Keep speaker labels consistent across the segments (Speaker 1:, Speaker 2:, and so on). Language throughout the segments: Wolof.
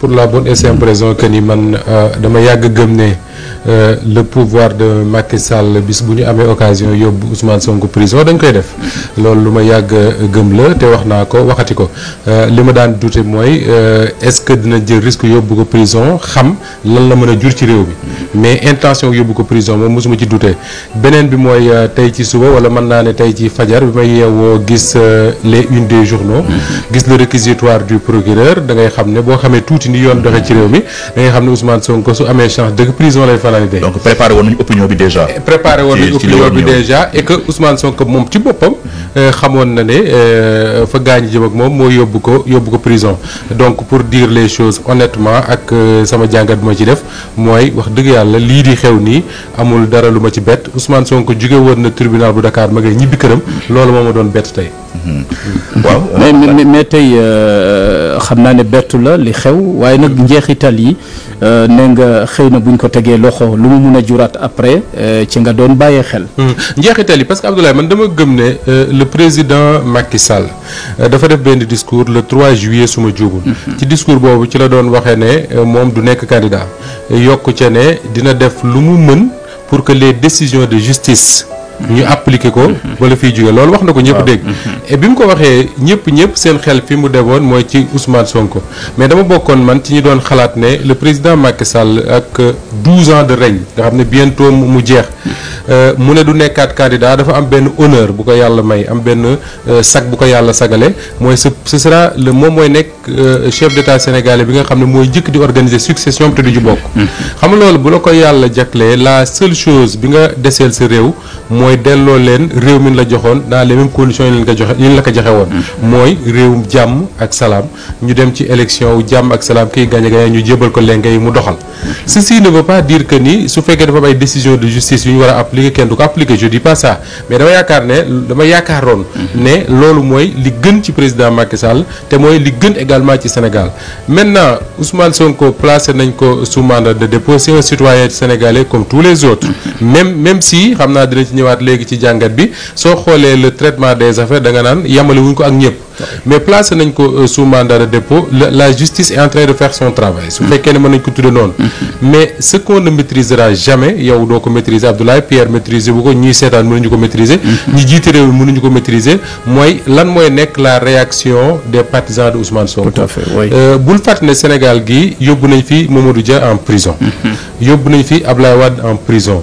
Speaker 1: pour la bonne et simple raison que ni man euh, dama yàgg euh, le pouvoir de Macky Sall bis buñu amé occasion yóbbu Ousmane Sonko prison dañ koy def loolu luma ma euh, gëm la té waxna ko waxati ko euh lima daan dute mooy euh, est-ce que dina jël risque yóbbu ko prison xam lan la mëna jur ci réew bi mais intention yóbbu ko prison moom mosuma ci douté benen bi moy tay ci suba wala man naa tay ci fajar bi may yeewoo gis les une des journaux gis le réquisitoire du procureur da ngay xamné bo xamé xamee ni yoon doxee ci réew mi da ngay xamné Ousmane Sonko su amé chance dëgg prison lay donc préparé woon opinion bi déjà. préparé woon opinion bi déjà et que Ousmane Sonko moom ci boppam euh, xamone na ne euh, fa gaañ jëm ak mom moo yóbbu ko yóbbu ko prison donc pour dire les choses honnêtement ak euh, sama jàngat mo ci def moy wax dëgg yalla li di xew ni amul dara luma ci bett Ousmane Sonko djugé woon na tribunal bu Dakar ma ngay ñibbi këram loolu moo ma doon bett mm-hmm. waaw mais mais tay xam naa ne bettu la li xew waaye nag njeexital yi né nga xeyna buñ ko tegee Lumu lu mu après euh, ci nga doon baye xel. Hmm. njeexital parce que Abdoulaye man dama gëm euh, le président Macky Sall euh, dafa def benn discours le 3 juillet suma djougul mhm. ci discours bobu ci la doon waxé né mom du nek candidat yokk ci né dina def lu mu pour que les décisions de justice. ñu appliqué ko bala fiy jógee loolu wax na ko ñëpp dégg bi mu ko waxee ñëpp ñëpp seen xel fi mu demoon mooy ci Ousmane Sonko mais dama bokkoon man ci ñu doon xalaat ne le président Macky Sall ak douze ans de règne nga xam ne bientôt mu jeex euh, mu ne du nekkaat candidat dafa am benn honneur bu ko yàlla may am benn euh, sag bu ko yàlla sagale mooy ce sera le moom euh, chef d'état sénégalais bi nga xamné moy jëk di organiser succession te du ju bokk. Mm-hmm. xam loolu bu la ko yalla jaglee la seule chose bi nga déssel sa réew moy dello leen réew min la joxone dans les mêmes conditions yi leen ko joxe yi la ko joxe won moy mm-hmm. réewum jàmm ak salam ñu dem ci élection wu ak salam kiy gagné gagné ñu jébal ko lenge yi mu doxal. Mm-hmm. ceci ne veut pas dire que ni su fekkee dafa am ay décision de justice yi ñu wara appliquer kenn du ko appliquer je dis pas ça mais dama yaakaar ne dama yaakaaroon. ne loolu moy li gën ci président Macky Sall te mooy li gën également ci Sénégal maintenant Ousmane Sonko placé nañ ko sous mandat de dépôt c'est un citoyen sénégalais comme tous les autres même même si xam naa dina ci ñëwaat léegi ci jàngat bi soo xoolee le traitement des affaires da nga naan yamale wuñ ko ak ñëpp. mais placé nañ ko euh, sous mandat de dépôt la justice est en train de faire son travail su ne tout de mais ce qu'on ne maîtrisera jamais yow doko maîtriser Abdoulaye Pierre maîtriser bu ni ñuy meun mënuñu ko maîtriser ñi jiite rew meun mënuñu ko maîtriser moy lan moy nek la réaction des partisans de Ousmane Sonko tout à fait euh fàtte ne Sénégal gi yóbbu nañ fi Mamadou Dia en prison mm-hmm. yóbbu nañ fi Abdoulaye Wade en prison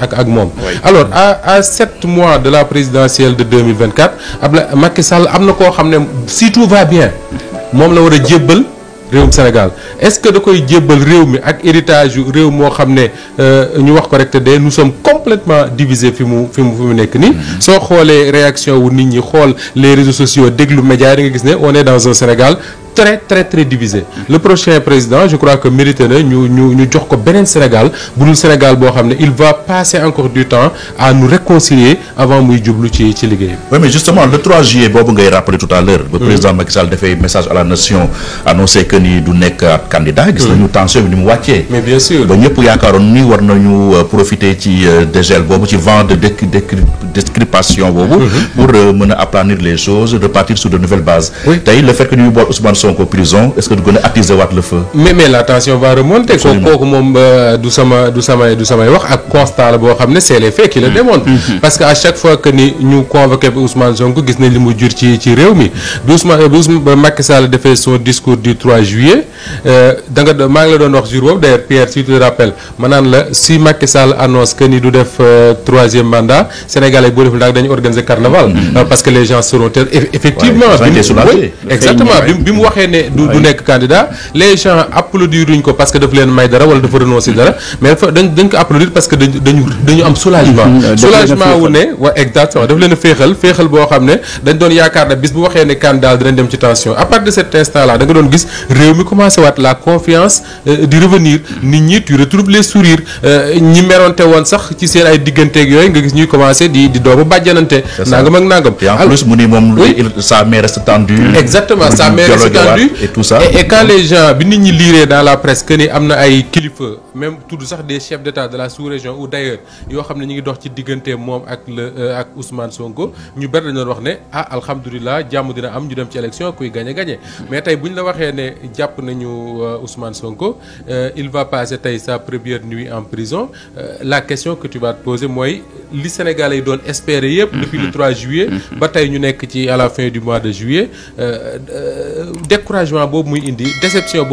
Speaker 1: ak alors à sept mois de la présidentielle de 2024 Macky Sall si tout va bien mon la war réum Sénégal est-ce que de quoi jébbal réew mi ak héritage yu réew nous xam ne euh, ñu wax nous sommes complètement divisés fi les fi mu mm-hmm. réaction les réseaux sociaux déglu média on est dans un Sénégal très très très divisé le prochain président je crois que mérité nous nous ñu ñu jox Sénégal bu Sénégal il va passer encore du temps à nous réconcilier avant Mouy nous ci ci oui mais justement le 3 juillet vous ngay rappelé tout à l'heure le mm. président Macky Sall un message à la nation annoncé que ni du nek candidat gis mm. nañu tension ni mu mais bien sûr ba ñëpp pouvons ni war nañu euh, profiter ci euh, dégel Bob, ci vent de description mm-hmm. pour euh, mën aplanir les choses repartir sur de nouvelles bases Tay le fait que nous Sonko prison est-ce que vous allez attiser le feu. mais mais la tension va remonter. absolument kooku moom euh, du sama du samay du samay wax constat c'est les faits qui le hmm. démontrent. Hmm. parce qu'à chaque fois que nous nous convoqué Ousmane Sonko gis nañ li mu jur ci ci réew mi bi Ousmane Macky Sall defee son discours du 3 juillet euh, da nga maa la doon wax d'ailleurs Pierre si tu te rappelles maintenant la si Macky Sall annonce que ni du def euh, troisième mandat Sénégalais boo deful daal organiser carnaval. Hmm. parce que les gens seront effectivement. waaye exactement bim waxee ne. du nekk candidat les gens applaudir duñ ko parce que daf leen may dara wala dafa renoncer dara mais dafa dañ dañ ko applaudir parce que dañu dañu am soulagement mm-hmm. soulagement wu ne waa exactement daf leen fexal fexal bo boo dañ doon yaakaar ne bis bu waxee ne kan daal dinañ dem ci tension à partir de cet instant là da nga doon gis réew mi commencé wat la confiance euh, di revenir nit ñi tu retrouves les sourires euh, ñi meronte won sax ci seen ay digënté ak yoy nga gis ñuy commencé di di doomu bàjjanante nangam ak nangam en plus mu ni moom sa mère reste tendue exactement sa mère reste tendue et tout ça et quand les gens bi nit ñi liiree dans la presse que même tous des chefs d'état de la sous-région ou d'ailleurs euh, Ousmane Sonko mais euh, Ousmane Sonko euh, il va passer sa première nuit en prison la question que tu vas te poser moi, li Sénégalais yi espérer mm-hmm. depuis le 3 juillet. Mm-hmm. Bataille ñu à la fin du mois de juillet découragement indi déception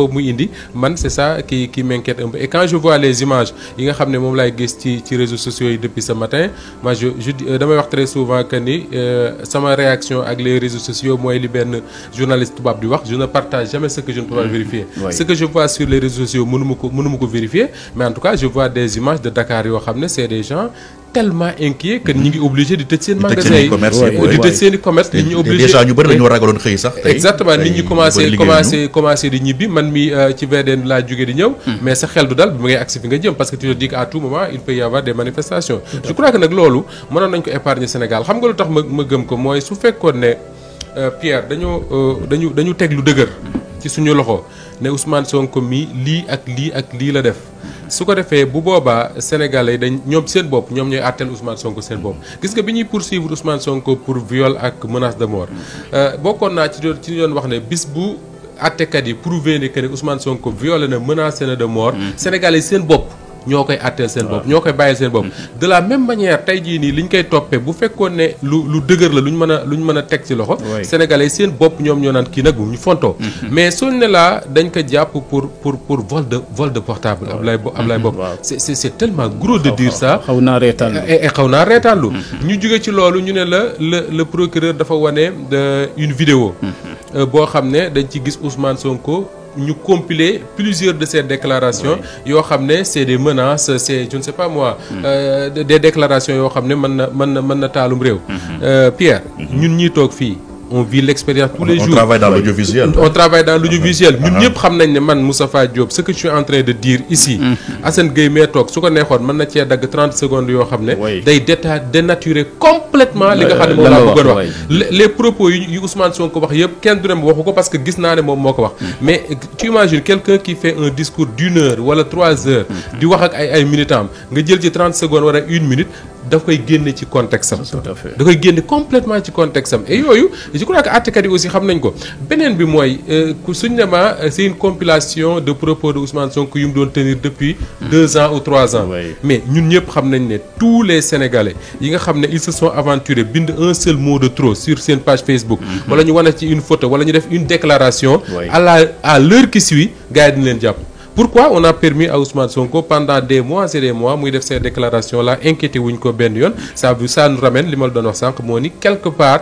Speaker 1: man c'est ça qui qui m'inquiète un peu et quand je vois les images yi nga xamné mom lay laay gis ci ci réseaux sociaux depuis ce matin moi je je euh, damay wax très souvent que ni euh, ma réaction avec les réseaux sociaux mooy li ben journaliste tubaab di wax je ne partage jamais ce que je ne peux pas mm. vérifier. ce que je vois sur les réseaux sociaux mënu ma ko mënu vérifier mais en tout cas je vois des images de Dakar yo xamné c'est des gens tellement inquiet que ñu ngi obligé de tëj seen magasin yi di tëj seen commerce nit ñi obligé déjà ñu bëri dañoo ragaloon xëy sax exactement nit ñi commencé commencé commencé di ñibbi man mi euh, ci VDN laa jóge di ñëw hmm. mais sa xel du dal bi ma ngay agsi fi nga jëm parce que tu te dis à tout moment il peut y avoir des manifestations je crois que nag loolu mënoon nañ ko épargner Sénégal xam nga lu tax ma ma gëm ko mooy su fekkoon ne euh, Pierre dañoo euh, dañu dañu teg lu dëgër ci suñu loxo ne Ousmane Sonko mi lii ak lii ak lii la def su ko defee bu boobaa sénégalais dañ ñoom seen bopp ñoom ñooy àtteel Ousmane Sonko seen bopp gis nga bi ñuy poursuivre Ousmane Sonko pour viol ak menace de mort euh, bokkoon naa ci ci ñu doon wax ne bis bu àttekat yi prouvé ne que ne Ousmane Sonko violé na menacé na de mort mm. sénégalais seen bopp ñoo koy àtteel seen bopp ñoo koy bàyyil de la même manière tey jii nii koy topé bu fekkone lu lu deuguer la luñ mëna luñ mëna lu ci loxo sénégalais sen bop ñom ñoo nan ki nag ñu fonto mm-hmm. mais suñ né la dañ ko japp pour pour pour vol de vol de portable Ablaye mm-hmm. Ablaye bop mm-hmm. c'est c'est tellement gros de dire ça xaw naa reetaan lu eh, eh, lu ñu juggé ci lolu ñu né la le procureur dafa wane euh, une vidéo euh, bo xamné dañ ci gis Ousmane Sonko nous compiler plusieurs de ces déclarations yoo c'est des menaces c'est je ne sais pas moi hmm. euh, des déclarations yoo xam ne mën na mën hmm. euh, Pierre hmm on vit l'expérience tous les on jours. Travaille dans l'audiovisuel. On travaille dans l'audiovisuel. Ah. man ce que je suis en train de dire ici. Mm. Assane Gueye mee toog su ko 30 secondes yo xamné day complètement li nga les propos yu Ousmane Sonko wax yépp kenn parce que gis mm. mais tu imagines quelqu'un qui fait un discours d'une heure wala trois heures. Mm. di wax ak ay ay militants nga jël 30 secondes wala une minute daf koy génne ci contexte am. da koy génne complètement ci contexte am et yooyu je crois que àttekat yi aussi xam nañ ko beneen bi mooy euh, suñ ne ma euh, c'est une compilation de propos de Ousmane Sonko yu mu doon tenir depuis hmm. deux ans ou trois ans. mais ñun ñëpp xam nañ ne tous les Sénégalais yi nga xam ne ils se sont aventurés binde un seul mot de trop sur cette page Facebook. Hmm. wala ñu wane ci une photo wala ñu def une déclaration. à la à l'heure qui suit gars yi dañ leen pourquoi on a permis à Ousmane Sonko pendant des mois et des mois de faire ces déclarations là inquiéter Winko ko ça ça nous ramène li de de quelque part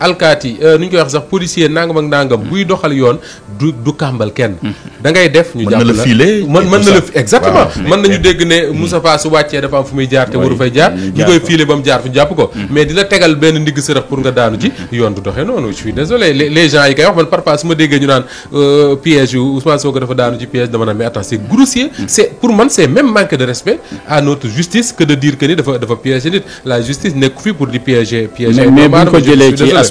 Speaker 1: alkati euh, nu ñu koy wax sax policier nangam ak nangam. buy doxal yoon du du kàmbal kenn. Mhm. da ngay def ñu jàpp la na le filé man man na le exactement man nañu dégg né Moussa su wàccee dafa am fu muy jaar té waru fay jaar ñu koy filé bam jaar fu japp ko mhm. mais dila tégal ben ndig ndigg pour nga daanu ci mhm. yoon du doxé noonu je suis désolé les gens yi koy wax man parfois su ma déggee ñu naan euh, piège Ousmane Sonko dafa daanu ci piège dama na mais attends c'est grossier c'est pour man c'est même manque de respect à notre justice que de dire que ni dafa dafa piéger nit la justice nekk fi pour di piéger piéger mais ko jëlé ci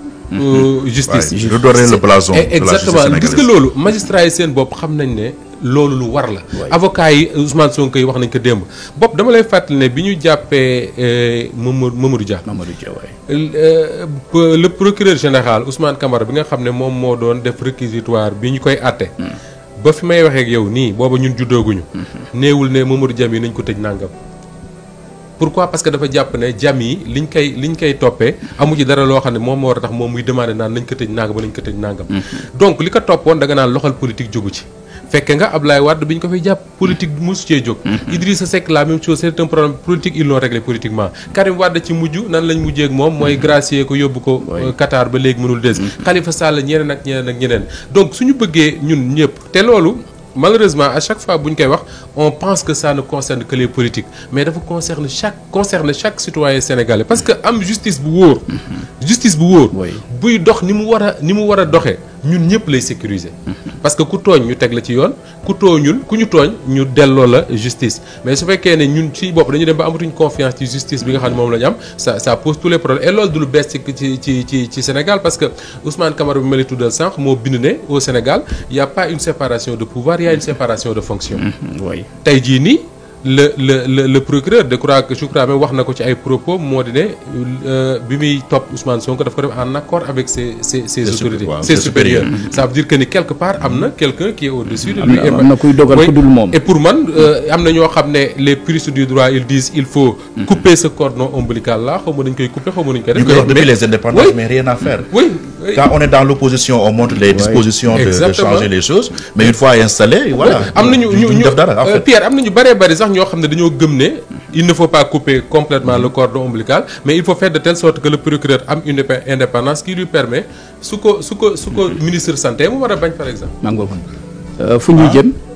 Speaker 1: Euh, justice je doon le blason eh, exactement gis nga loolu magistrat yi seen bopp xam nañ ne loolu lu war la avocat yi Ousmane Sonko yi wax nañ ko demb bop dama lay fàttali ne biñu jappé jàppee euh, Mamadou Dia Mamadou Dia waay euh, le procureur général Ousmane Camara bi nga xam ne moom moo doon def réquisitoire bi koy atté hmm. ba fi may waxee ak yow ni boba ñun juddooguñu hmm. néewul ne Mamadou Dia mi nañ ko tej nangam pourquoi parce que dafa jàpp ne jam yi liñ koy liñ koy toppee amu ci dara loo xam ne moom moo war a tax moom muy demandé naan nañ ko tëj nangam ba nañ ko tëj nangam. Mm-hmm. donc li ko toppoon da nga naan loxal politique jógu ci. fekke nga Ablaye Wade bi ñu ko fay jàpp politique mosu cee jóg mm-hmm. Idrissa Seck la mu chose c'est un problème politique ils l'ont réglé politiquement Karim Wade ci mujj nan lañ mujjee ak moom mooy mm-hmm. gracier ko yóbbu ko euh, Qatar ba léegi mënul des Khalifa ñeneen ak ñeneen ak bëggee ñun ñëpp te loolu malheureusement à chaque fois buñ on pense que ça ne concerne que les politiques mais dafa concerne chaque concerne chaque citoyen sénégalais parce que am justice bu woor mhm. justice bu woor buy dox ni mu war ni mu war a ñun ñëpp lay sécuriser mhm parce que ku ñu teg la ci yoon ku ñun ku ñu la justice mais su fekkee ne ñun ci dañu dem confiance ci justice bi nga xam la ça pose tous les problèmes et loolu du lu ci ci ci Sénégal parce que Ousmane Camara bi au Sénégal il y a pas une séparation de pouvoir il y a une séparation de fonction. Mm-hmm. oui le le le procureur de que je crois même wax propos euh, Ousmane Sonko daf en accord avec ses autorités ses supérieurs ça veut dire que quelque part quelqu'un qui est au-dessus de lui et pour moi, euh, les puristes du droit ils disent il faut couper ce cordon ombilical là dañ koy couper depuis les indépendants, mais rien à faire oui quand on est dans l'opposition, on montre les dispositions de, changer les choses. Mais une fois installé, voilà. Euh, Pierre, il ne faut pas couper complètement mm-hmm. le cordon ombilical, mais il faut faire de telle sorte que le procureur ait une indépendance qui lui permet, sous le mm-hmm. ministre de la Santé, par exemple. Euh, ah.